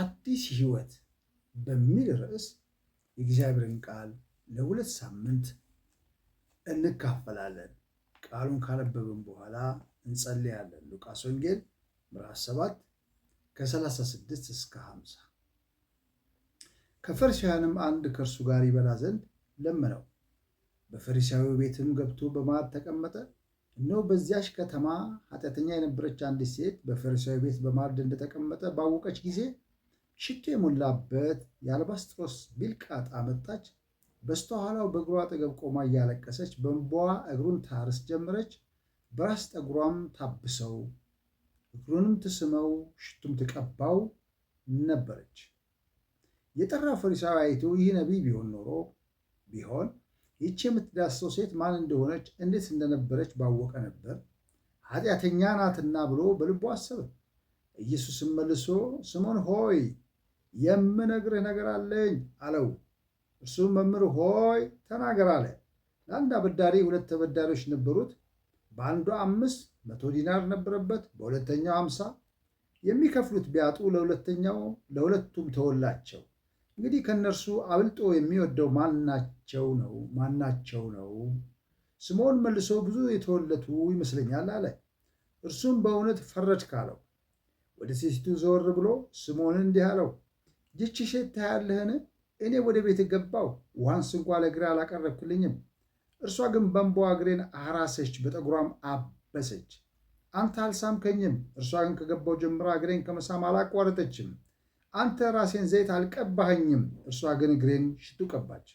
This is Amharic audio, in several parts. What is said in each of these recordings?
አዲስ ህይወት በሚል ርዕስ የእግዚአብሔርን ቃል ለሁለት ሳምንት እንካፈላለን። ቃሉን ካነበብን በኋላ እንጸልያለን። ሉቃስ ወንጌል ምዕራፍ 7 ከ36 እስከ 50። ከፈሪሳውያንም አንድ ከእርሱ ጋር ይበላ ዘንድ ለመነው። በፈሪሳዊ ቤትም ገብቶ በማዕድ ተቀመጠ። እነሆ በዚያች ከተማ ኃጢአተኛ የነበረች አንዲት ሴት በፈሪሳዊ ቤት በማዕድ እንደተቀመጠ ባወቀች ጊዜ ሽቶ የሞላበት የአልባስጥሮስ ቢልቃጥ አመጣች። በስተኋላው በእግሯ አጠገብ ቆማ እያለቀሰች በእንባዋ እግሩን ታርስ ጀመረች። በራስ ጠጉሯም ታብሰው እግሩንም ትስመው ሽቱም ትቀባው ነበረች። የጠራ ፈሪሳዊቱ ይህ ነቢይ ቢሆን ኖሮ ቢሆን ይቺ የምትዳሰው ሴት ማን እንደሆነች እንዴት እንደነበረች ባወቀ ነበር፣ ኃጢአተኛ ናትና ብሎ በልቦ አሰበ። ኢየሱስም መልሶ ስምዖን ሆይ የምነግርህ ነገር አለኝ አለው። እርሱም መምህር ሆይ ተናገር አለ። ለአንድ አበዳሪ ሁለት ተበዳሪዎች ነበሩት። በአንዱ አምስት መቶ ዲናር ነበረበት፣ በሁለተኛው አምሳ የሚከፍሉት ቢያጡ ለሁለተኛው ለሁለቱም ተወላቸው። እንግዲህ ከእነርሱ አብልጦ የሚወደው ማናቸው ነው? ማናቸው ነው? ስምዖን መልሶ ብዙ የተወለቱ ይመስለኛል አለ። እርሱም በእውነት ፈረድክ አለው። ወደ ሴቲቱ ዘወር ብሎ ስምዖንን እንዲህ አለው፣ ይቺ ሴት ታያለህን? እኔ ወደ ቤት ገባው ዋንስ እንኳ ለእግሬ አላቀረብክልኝም። እርሷ ግን በእንባዋ እግሬን አራሰች፣ በጠጉሯም አበሰች። አንተ አልሳምከኝም። እርሷ ግን ከገባው ጀምራ እግሬን ከመሳም አላቋረጠችም። አንተ ራሴን ዘይት አልቀባኸኝም። እርሷ ግን እግሬን ሽቱ ቀባች።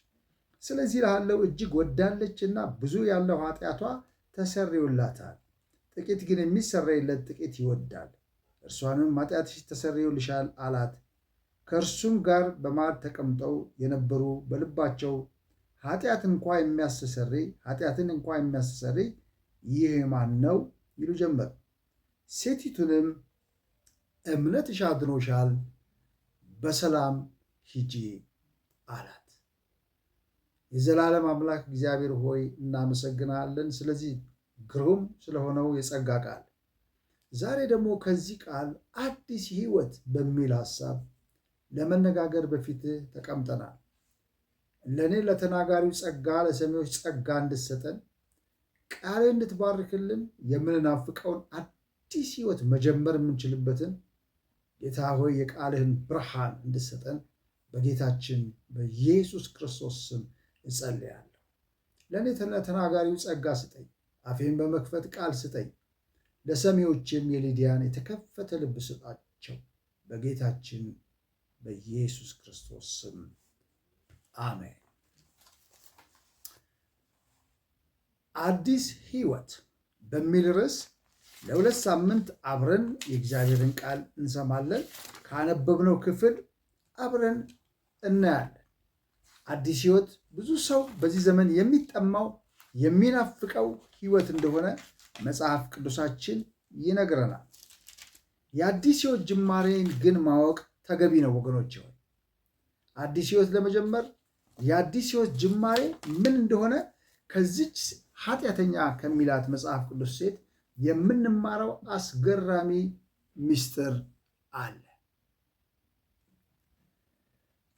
ስለዚህ ላለው እጅግ ወዳለች እና ብዙ ያለው ኃጢአቷ ተሰሪውላታል። ጥቂት ግን የሚሰረይለት ጥቂት ይወዳል። እርሷንም ኃጢአትሽ ተሰርዮልሻል አላት ከእርሱም ጋር በማዕድ ተቀምጠው የነበሩ በልባቸው ኃጢአት እንኳ የሚያስተሰሪ ኃጢአትን እንኳ የሚያስተሰሪ ይህ ማን ነው ይሉ ጀመር። ሴቲቱንም እምነትሽ አድኖሻል፣ በሰላም ሂጂ አላት። የዘላለም አምላክ እግዚአብሔር ሆይ እናመሰግናለን፣ ስለዚህ ግሩም ስለሆነው የጸጋ ቃል። ዛሬ ደግሞ ከዚህ ቃል አዲስ ሕይወት በሚል ሀሳብ? ለመነጋገር በፊት ተቀምጠናል። ለእኔ ለተናጋሪው ጸጋ፣ ለሰሚዎች ጸጋ እንድትሰጠን ቃል እንድትባርክልን የምንናፍቀውን አዲስ ሕይወት መጀመር የምንችልበትን ጌታ ሆይ የቃልህን ብርሃን እንድትሰጠን በጌታችን በኢየሱስ ክርስቶስ ስም እጸልያለሁ። ለእኔ ለተናጋሪው ጸጋ ስጠኝ፣ አፌን በመክፈት ቃል ስጠኝ። ለሰሚዎችም የሊዲያን የተከፈተ ልብ ስጣቸው በጌታችን በኢየሱስ ክርስቶስ ስም አሜን። አዲስ ህይወት በሚል ርዕስ ለሁለት ሳምንት አብረን የእግዚአብሔርን ቃል እንሰማለን። ካነበብነው ክፍል አብረን እናያለን። አዲስ ህይወት ብዙ ሰው በዚህ ዘመን የሚጠማው የሚናፍቀው ህይወት እንደሆነ መጽሐፍ ቅዱሳችን ይነግረናል። የአዲስ ህይወት ጅማሬን ግን ማወቅ ተገቢ ነው ወገኖች ሆይ አዲስ ህይወት ለመጀመር የአዲስ ህይወት ጅማሬ ምን እንደሆነ ከዚች ኃጢአተኛ ከሚላት መጽሐፍ ቅዱስ ሴት የምንማረው አስገራሚ ምስጢር አለ።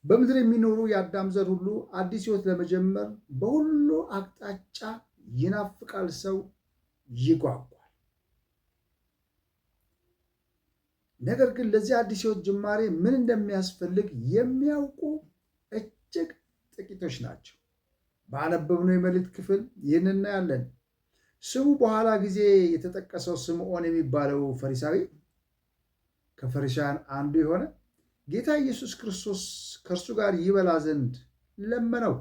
በምድር የሚኖሩ የአዳም ዘር ሁሉ አዲስ ህይወት ለመጀመር በሁሉ አቅጣጫ ይናፍቃል፣ ሰው ይጓጓል። ነገር ግን ለዚህ አዲስ ሕይወት ጅማሬ ምን እንደሚያስፈልግ የሚያውቁ እጅግ ጥቂቶች ናቸው። ባነበብነው የመልእክት ክፍል ይህን እናያለን። ስሙ በኋላ ጊዜ የተጠቀሰው ስምዖን የሚባለው ፈሪሳዊ ከፈሪሳውያን አንዱ የሆነ ጌታ ኢየሱስ ክርስቶስ ከእርሱ ጋር ይበላ ዘንድ ለመነው፣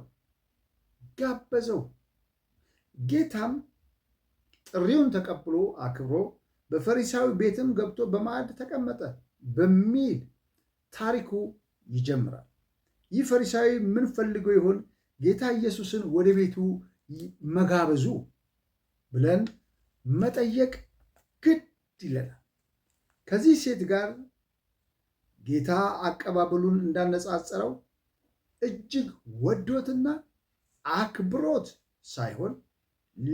ጋበዘው። ጌታም ጥሪውን ተቀብሎ አክብሮ በፈሪሳዊ ቤትም ገብቶ በማዕድ ተቀመጠ በሚል ታሪኩ ይጀምራል። ይህ ፈሪሳዊ ምን ፈልጎ ይሆን ጌታ ኢየሱስን ወደ ቤቱ መጋበዙ ብለን መጠየቅ ግድ ይለናል። ከዚህ ሴት ጋር ጌታ አቀባበሉን እንዳነጻጸረው እጅግ ወዶትና አክብሮት ሳይሆን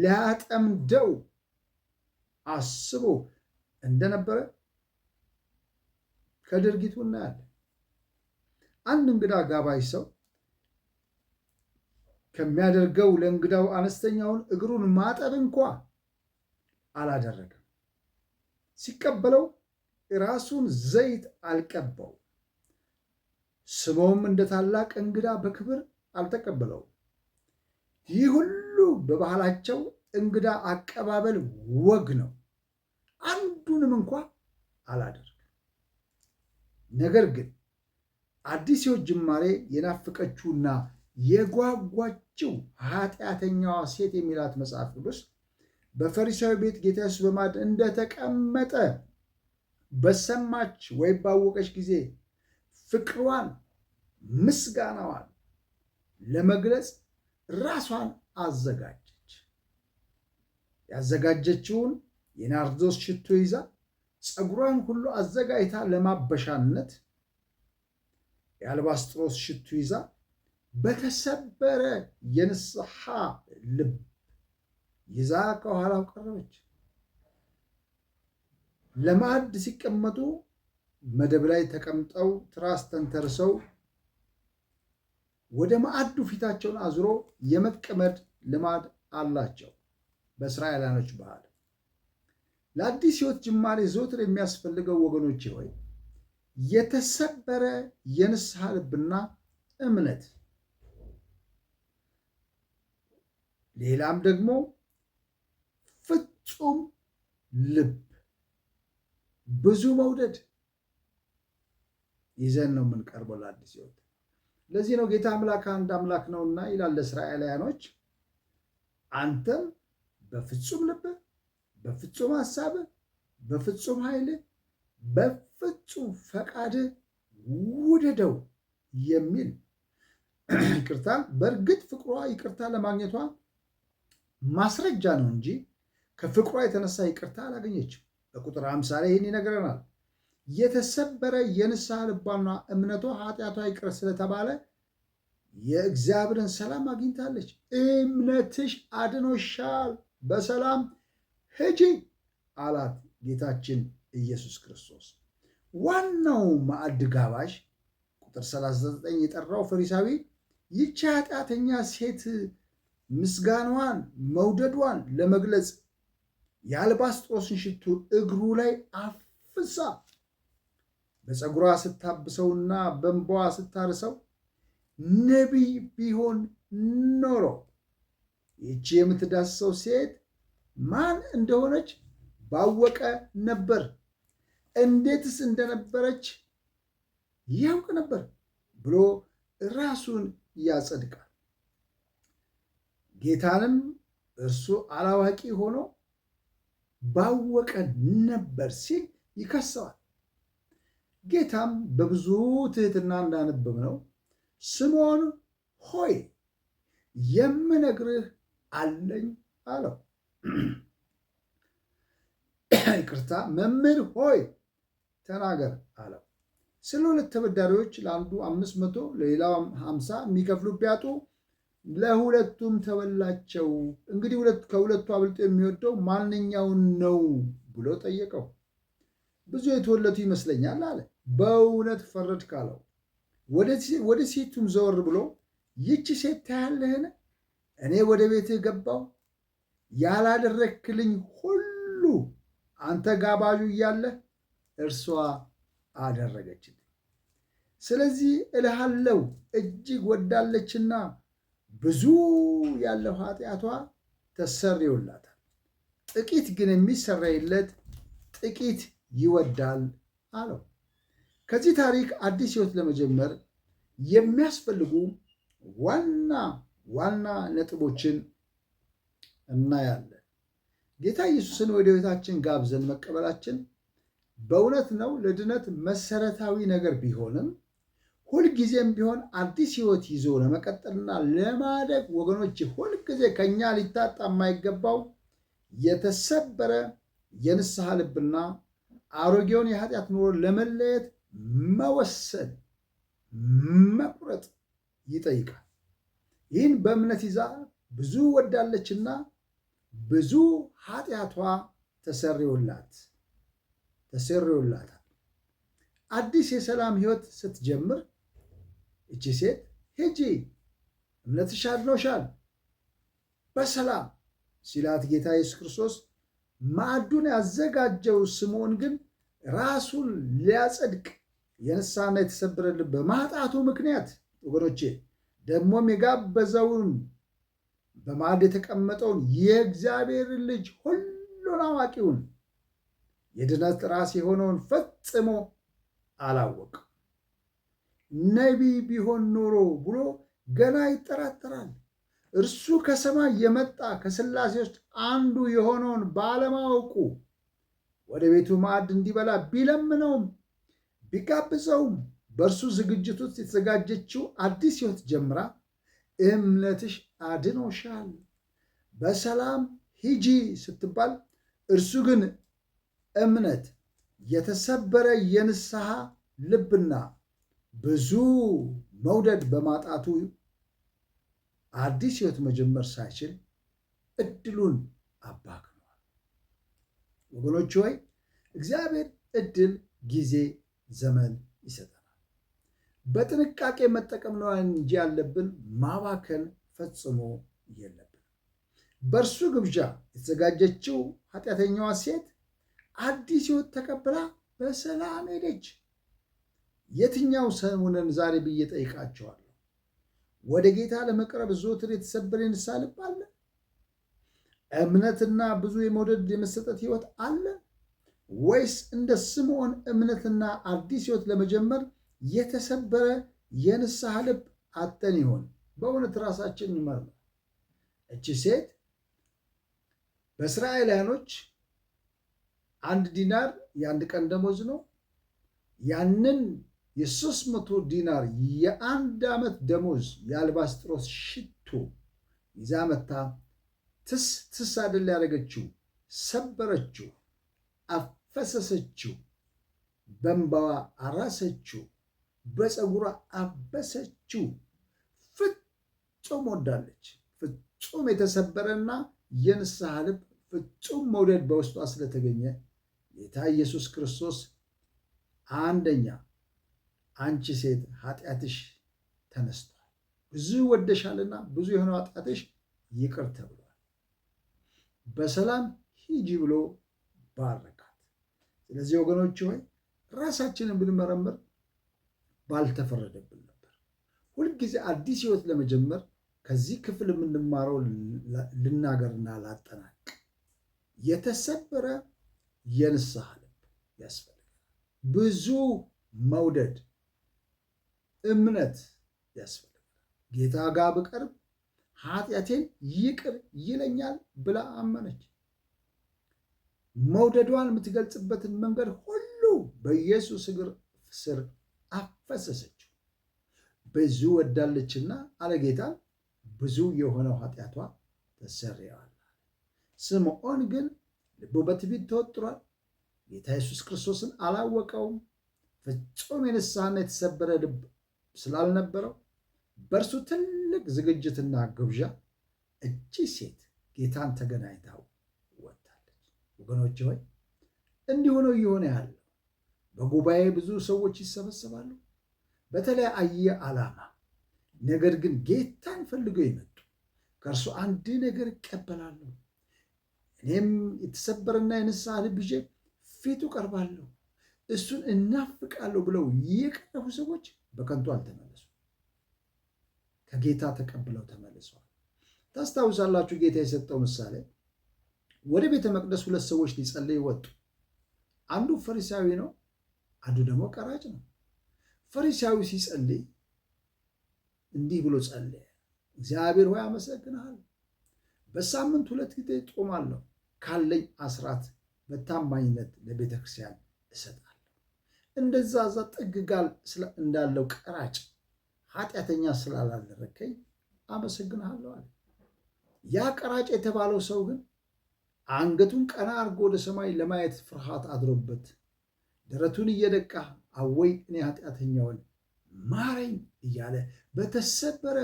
ሊያጠምደው አስቦ እንደነበረ ከድርጊቱ እናያለን። አንድ እንግዳ ጋባዥ ሰው ከሚያደርገው ለእንግዳው አነስተኛውን እግሩን ማጠብ እንኳ አላደረገም። ሲቀበለው ራሱን ዘይት አልቀባው። ስሞም እንደ ታላቅ እንግዳ በክብር አልተቀበለው። ይህ ሁሉ በባህላቸው እንግዳ አቀባበል ወግ ነው። አንዱንም እንኳ አላደርግም። ነገር ግን አዲስ ሕይወት ጅማሬ የናፈቀችውና የጓጓችው ኃጢአተኛዋ ሴት የሚላት መጽሐፍ ቅዱስ በፈሪሳዊ ቤት ጌታ ኢየሱስ በማዕድ እንደተቀመጠ በሰማች ወይም ባወቀች ጊዜ ፍቅሯን፣ ምስጋናዋን ለመግለጽ ራሷን አዘጋጅ ያዘጋጀችውን የናርዶስ ሽቶ ይዛ ፀጉሯን ሁሉ አዘጋጅታ ለማበሻነት የአልባስጥሮስ ሽቱ ይዛ በተሰበረ የንስሐ ልብ ይዛ ከኋላው ቀረበች። ለማዕድ ሲቀመጡ መደብ ላይ ተቀምጠው ትራስ ተንተርሰው ወደ ማዕዱ ፊታቸውን አዝሮ የመቀመድ ልማድ አላቸው። በእስራኤላኖች ባህል ለአዲስ ህይወት ጅማሬ ዘወትር የሚያስፈልገው ወገኖቼ ሆይ የተሰበረ የንስሐ ልብና እምነት፣ ሌላም ደግሞ ፍጹም ልብ ብዙ መውደድ ይዘን ነው የምንቀርበው ለአዲስ ህይወት። ለዚህ ነው ጌታ አምላክ አንድ አምላክ ነውና ይላል ለእስራኤላውያኖች አንተም በፍጹም ልብ በፍጹም ሀሳብ፣ በፍጹም ኃይል በፍጹም ፈቃድ ውደደው የሚል ይቅርታ በእርግጥ ፍቅሯ ይቅርታ ለማግኘቷ ማስረጃ ነው እንጂ ከፍቅሯ የተነሳ ይቅርታ አላገኘችም። በቁጥር አምሳ ላይ ይህን ይነግረናል። የተሰበረ የንስሐ ልቧና እምነቷ ኃጢአቷ ይቅር ስለተባለ የእግዚአብሔርን ሰላም አግኝታለች። እምነትሽ አድኖሻል በሰላም ሂጂ አላት ጌታችን ኢየሱስ ክርስቶስ። ዋናው ማዕድ ጋባዥ ቁጥር 39 የጠራው ፈሪሳዊ ይቺ ኃጢአተኛ ሴት ምስጋናዋን መውደዷን ለመግለጽ የአልባስጦስን ሽቱ እግሩ ላይ አፍሳ በፀጉሯ ስታብሰውና በእንባዋ ስታርሰው ነቢይ ቢሆን ኖሮ ይቺ የምትዳስሰው ሴት ማን እንደሆነች ባወቀ ነበር፣ እንዴትስ እንደነበረች ያውቅ ነበር ብሎ ራሱን ያጸድቃል። ጌታንም እርሱ አላዋቂ ሆኖ ባወቀ ነበር ሲል ይከሰዋል። ጌታም በብዙ ትህትና እንዳነብብ ነው! ስምዖን ሆይ የምነግርህ አለኝ አለው። ይቅርታ መምህር ሆይ ተናገር አለው። ስለ ሁለት ተበዳሪዎች ለአንዱ አምስት መቶ ለሌላው ሀምሳ የሚከፍሉ ቢያጡ ለሁለቱም ተበላቸው። እንግዲህ ከሁለቱ አብልጦ የሚወደው ማንኛውን ነው ብሎ ጠየቀው። ብዙ የተወለቱ ይመስለኛል አለ። በእውነት ፈረድክ አለው። ወደ ሴቱም ዘወር ብሎ ይቺ ሴት ታያለህን እኔ ወደ ቤትህ ገባው ያላደረክልኝ ሁሉ አንተ ጋባዡ እያለህ እርሷ አደረገችልኝ። ስለዚህ እልሃለው እጅግ ወዳለችና ብዙ ያለው ኃጢአቷ ተሰርዮላታል። ጥቂት ግን የሚሰረይለት ጥቂት ይወዳል አለው። ከዚህ ታሪክ አዲስ ሕይወት ለመጀመር የሚያስፈልጉ ዋና ዋና ነጥቦችን እናያለን። ጌታ ኢየሱስን ወደ ቤታችን ጋብዘን መቀበላችን በእውነት ነው ለድነት መሰረታዊ ነገር ቢሆንም ሁልጊዜም ቢሆን አዲስ ሕይወት ይዞ ለመቀጠልና ለማደግ ወገኖች ሁልጊዜ ከኛ ሊታጣ የማይገባው የተሰበረ የንስሐ ልብና አሮጌውን የኃጢአት ኑሮ ለመለየት መወሰን መቁረጥ ይጠይቃል። ይህን በእምነት ይዛ ብዙ ወዳለችና ብዙ ኃጢአቷ ተሰሪውላት ተሰሪውላታል። አዲስ የሰላም ህይወት ስትጀምር እቺ ሴት ሄጂ እምነትሽ አድኖሻል በሰላም ሲላት ጌታ ኢየሱስ ክርስቶስ ማዕዱን ያዘጋጀው ስምዖን ግን ራሱን ሊያጸድቅ የንሳና የተሰበረ ልብ በማጣቱ ምክንያት ወገኖቼ ደግሞም የጋበዘውን በማዕድ የተቀመጠውን የእግዚአብሔርን ልጅ ሁሉን አዋቂውን የድነት ራስ የሆነውን ፈጽሞ አላወቅም። ነቢይ ቢሆን ኖሮ ብሎ ገና ይጠራጠራል። እርሱ ከሰማይ የመጣ ከሥላሴ ውስጥ አንዱ የሆነውን ባለማወቁ ወደ ቤቱ ማዕድ እንዲበላ ቢለምነውም ቢጋብዘውም በእርሱ ዝግጅት ውስጥ የተዘጋጀችው አዲስ ህይወት ጀምራ እምነትሽ አድኖሻል፣ በሰላም ሂጂ ስትባል እርሱ ግን እምነት የተሰበረ የንስሐ ልብና ብዙ መውደድ በማጣቱ አዲስ ህይወት መጀመር ሳይችል እድሉን አባክኗል። ወገኖች ሆይ እግዚአብሔር እድል፣ ጊዜ፣ ዘመን ይሰጣል። በጥንቃቄ መጠቀም ነው እንጂ ያለብን ማባከን ፈጽሞ የለብን። በእርሱ ግብዣ የተዘጋጀችው ኃጢአተኛዋ ሴት አዲስ ሕይወት ተቀብላ በሰላም ሄደች። የትኛው ሰሙነን ዛሬ ብዬ ጠይቃቸዋለሁ። ወደ ጌታ ለመቅረብ ዞትር የተሰበረ የንስሐ ልብ አለ? እምነትና ብዙ የመውደድ የመሰጠት ሕይወት አለ? ወይስ እንደ ስምዖን እምነትና አዲስ ሕይወት ለመጀመር የተሰበረ የንስሐ ልብ አጠን ይሆን። በእውነት ራሳችን ነው። እቺ ሴት በእስራኤላውያኖች አንድ ዲናር የአንድ ቀን ደሞዝ ነው። ያንን የሶስት መቶ ዲናር የአንድ ዓመት ደሞዝ የአልባስጥሮስ ሽቶ ይዛ መታ ትስ ትስ አደል ያደረገችው፣ ሰበረችው፣ አፈሰሰችው፣ በንባዋ አራሰችው። በፀጉሯ አበሰችው። ፍጹም ወዳለች። ፍጹም የተሰበረና የንስሐ ልብ ፍጹም መውደድ በውስጧ ስለተገኘ ጌታ ኢየሱስ ክርስቶስ አንደኛ አንቺ ሴት ኃጢአትሽ ተነስቷል፣ ብዙ ወደሻልና ብዙ የሆነው ኃጢአትሽ ይቅር ተብሏል፣ በሰላም ሂጂ ብሎ ባረካት። ስለዚህ ወገኖች ሆይ ራሳችንን ብንመረምር ባልተፈረደብን ነበር። ሁልጊዜ አዲስ ህይወት ለመጀመር ከዚህ ክፍል የምንማረው ልናገርና ላጠናቅ፣ የተሰበረ የንስሐ ልብ ያስፈልጋል። ብዙ መውደድ እምነት ያስፈልጋል። ጌታ ጋር ብቀርብ ኃጢአቴን ይቅር ይለኛል ብላ አመነች። መውደዷን የምትገልጽበትን መንገድ ሁሉ በኢየሱስ እግር ስር ፈሰሰችው። ብዙ ወዳለችና አለጌታን ብዙ የሆነው ኃጢአቷ ተሰርየዋል። ስምዖን ግን ልቡ በትዕቢት ተወጥሯል። ጌታ ኢየሱስ ክርስቶስን አላወቀውም። ፍጹም የንስሐና የተሰበረ ልብ ስላልነበረው በእርሱ ትልቅ ዝግጅትና ግብዣ እቺ ሴት ጌታን ተገናኝታው ወጥታለች። ወገኖች ሆይ እንዲሁ ነው እየሆነ ያለው። በጉባኤ ብዙ ሰዎች ይሰበሰባሉ። በተለያየ ዓላማ ነገር ግን ጌታን ፈልገው የመጡ ከእርሱ አንድ ነገር እቀበላለሁ፣ እኔም የተሰበረና የንስሐ ልብ ይዤ ፊቱ ቀርባለሁ፣ እሱን እናፍቃለሁ ብለው የቀረቡ ሰዎች በከንቱ አልተመለሱ፣ ከጌታ ተቀብለው ተመልሰዋል። ታስታውሳላችሁ፣ ጌታ የሰጠው ምሳሌ ወደ ቤተ መቅደስ ሁለት ሰዎች ሊጸልይ ወጡ። አንዱ ፈሪሳዊ ነው፣ አንዱ ደግሞ ቀራጭ ነው። ፈሪሳዊ ሲጸልይ እንዲህ ብሎ ጸለየ። እግዚአብሔር ሆይ አመሰግንሃል። በሳምንት ሁለት ጊዜ ጦማለሁ ካለኝ አስራት በታማኝነት ለቤተ ክርስቲያን እሰጣለሁ። እንደዛ ዛ ጥግጋል እንዳለው ቀራጭ ኃጢአተኛ ስላላደረከኝ አመሰግንሃለሁ አለ። ያ ቀራጭ የተባለው ሰው ግን አንገቱን ቀና አድርጎ ወደ ሰማይ ለማየት ፍርሃት አድሮበት ደረቱን እየደቃ አወይ እኔ ኃጢአተኛውን ማረኝ እያለ በተሰበረ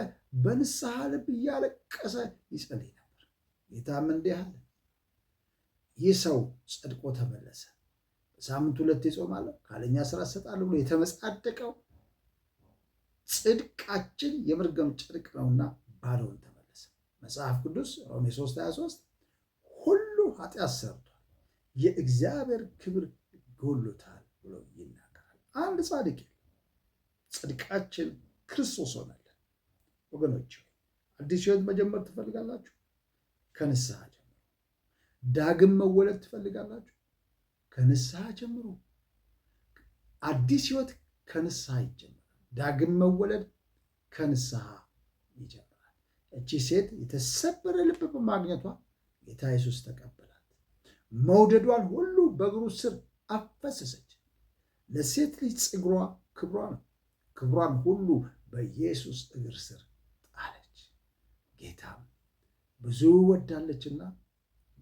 በንስሐ ልብ እያለቀሰ ይጸልይ ነበር። ጌታም እንዲህ አለ፣ ይህ ሰው ጸድቆ ተመለሰ። በሳምንት ሁለት ይጾማለሁ፣ ካለኛ ስራ እሰጣለሁ ብሎ የተመጻደቀው ጽድቃችን የምርገም ጨርቅ ነውና ባለውን ተመለሰ። መጽሐፍ ቅዱስ ሮሜ 3 23 ሁሉ ኃጢአት ሰርቷል፣ የእግዚአብሔር ክብር ጎሎታል ብሎ ይናል አንድ ጻድቅ ጽድቃችን ክርስቶስ ሆናለን። ወገኖች አዲስ ህይወት መጀመር ትፈልጋላችሁ? ከንስሐ ጀምሩ። ዳግም መወለድ ትፈልጋላችሁ? ከንስሐ ጀምሩ። አዲስ ህይወት ከንስሐ ይጀምራል። ዳግም መወለድ ከንስሐ ይጀምራል። እቺ ሴት የተሰበረ ልብ በማግኘቷ ጌታ ኢየሱስ ተቀበላት። መውደዷን ሁሉ በእግሩ ስር አፈሰሰች። ለሴት ልጅ ፀጉሯ ክብሯ ነው። ክብሯን ሁሉ በኢየሱስ እግር ስር ጣለች። ጌታም ብዙ ወዳለችና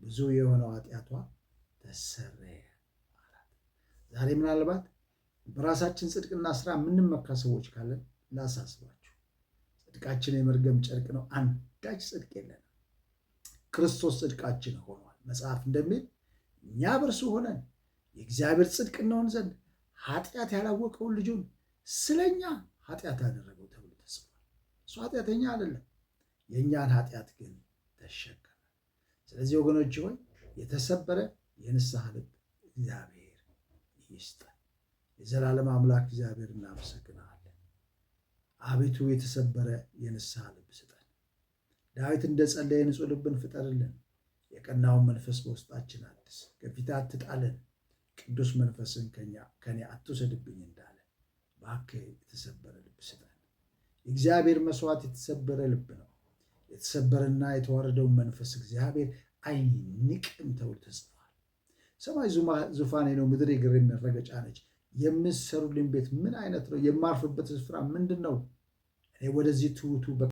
ብዙ የሆነው ኃጢአቷ ተሰረየ አላት። ዛሬ ምናልባት በራሳችን ጽድቅና ስራ የምንመካ ሰዎች ካለን ላሳስባችሁ፣ ጽድቃችን የመርገም ጨርቅ ነው፣ አንዳች ጽድቅ የለንም። ክርስቶስ ጽድቃችን ሆኗል። መጽሐፍ እንደሚል እኛ በርሱ ሆነን የእግዚአብሔር ጽድቅ እንሆን ዘንድ ኃጢአት ያላወቀውን ልጁን ስለኛ ኃጢአት ያደረገው ተብሎ ተጽፏል። እሱ ኃጢአተኛ አይደለም፣ የእኛን ኃጢአት ግን ተሸከመ። ስለዚህ ወገኖች ሆይ የተሰበረ የንስሐ ልብ እግዚአብሔር ይስጠን። የዘላለም አምላክ እግዚአብሔር እናመሰግናለን። አቤቱ የተሰበረ የንስሐ ልብ ስጠን። ዳዊት እንደ ጸለየ ንጹሕ ልብን ፍጠርልን፣ የቀናውን መንፈስ በውስጣችን አድስ፣ ከፊት አትጣለን ቅዱስ መንፈስን ከኔ አትውሰድብኝ እንዳለ እባክህ የተሰበረ ልብ ስጠን። እግዚአብሔር መስዋዕት የተሰበረ ልብ ነው። የተሰበረና የተዋረደውን መንፈስ እግዚአብሔር አይንቅም ተብሎ ተጽፏል። ሰማይ ዙፋኔ ነው፣ ምድር የእግሬ መረገጫ ነች። የምትሰሩልኝ ቤት ምን አይነት ነው? የማርፍበት ስፍራ ምንድን ነው? እኔ ወደዚህ ትውቱ